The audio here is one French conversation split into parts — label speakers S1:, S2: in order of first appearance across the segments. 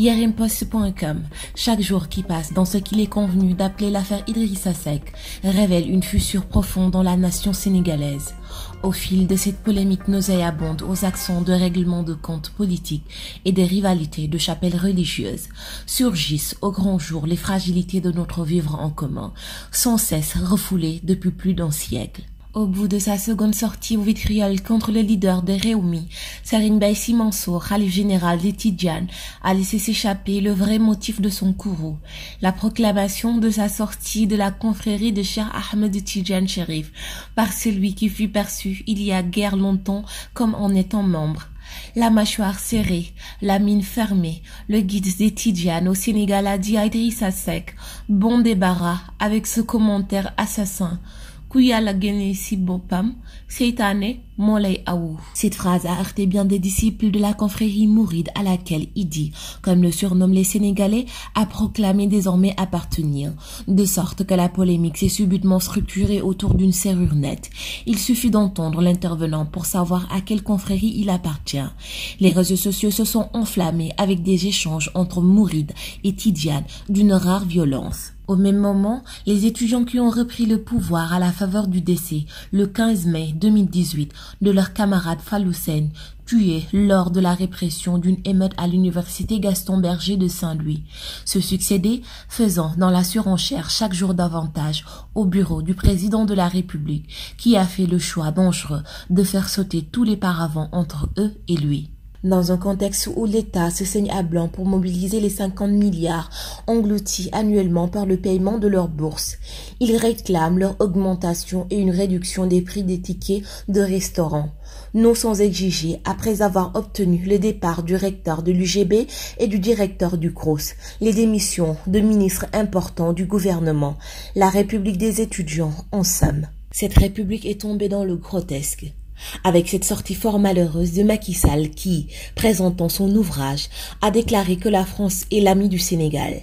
S1: IRMPost.com, chaque jour qui passe dans ce qu'il est convenu d'appeler l'affaire Idrissa Seck, révèle une fissure profonde dans la nation sénégalaise. Au fil de cette polémique nauséabonde aux accents de règlement de comptes politiques et des rivalités de chapelles religieuses, surgissent au grand jour les fragilités de notre vivre en commun, sans cesse refoulées depuis plus d'un siècle. Au bout de sa seconde sortie au vitriol contre le leader des Réoumi, Serine Bey Mansour, Khalif général des Tidjan, a laissé s'échapper le vrai motif de son courroux, la proclamation de sa sortie de la confrérie de Cheikh Ahmed Tidjan Sherif par celui qui fut perçu il y a guère longtemps comme en étant membre la mâchoire serrée, la mine fermée, le guide des Tidjan au Sénégal a dit à Idrissa Sec, bon débarras avec ce commentaire assassin. ku yàlla génne ci boppam seytaane Cette phrase a heurté bien des disciples de la confrérie mouride à laquelle Idi, comme le surnomme les Sénégalais, a proclamé désormais appartenir, de sorte que la polémique s'est subitement structurée autour d'une serrure nette. Il suffit d'entendre l'intervenant pour savoir à quelle confrérie il appartient. Les réseaux sociaux se sont enflammés avec des échanges entre Mouride et Tidiane d'une rare violence. Au même moment, les étudiants qui ont repris le pouvoir à la faveur du décès, le 15 mai 2018, de leurs camarades Faloussen, tués lors de la répression d'une émeute à l'université Gaston Berger de Saint-Louis, se succéder, faisant dans la surenchère chaque jour davantage au bureau du président de la République, qui a fait le choix dangereux de faire sauter tous les paravents entre eux et lui. Dans un contexte où l'État se saigne à blanc pour mobiliser les 50 milliards engloutis annuellement par le paiement de leurs bourses, ils réclament leur augmentation et une réduction des prix des tickets de restaurants. non sans exiger, après avoir obtenu le départ du recteur de l'UGB et du directeur du CROSS, les démissions de ministres importants du gouvernement, la République des étudiants en somme. Cette République est tombée dans le grotesque. Avec cette sortie fort malheureuse de Macky Sall qui, présentant son ouvrage, a déclaré que la France est l'ami du Sénégal,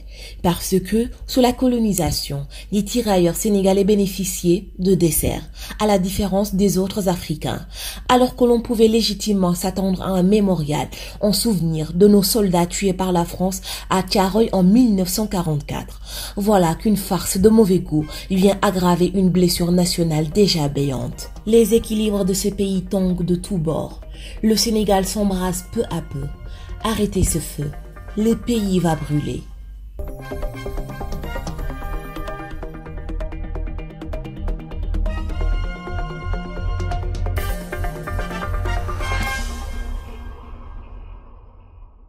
S1: parce que, sous la colonisation, les tirailleurs sénégalais bénéficiaient de desserts, à la différence des autres Africains, alors que l'on pouvait légitimement s'attendre à un mémorial en souvenir de nos soldats tués par la France à Tiaroy en 1944. Voilà qu'une farce de mauvais goût vient aggraver une blessure nationale déjà béante. Les équilibres de ces pays pays de tous bords. Le Sénégal s'embrase peu à peu. Arrêtez ce feu. Le pays va brûler.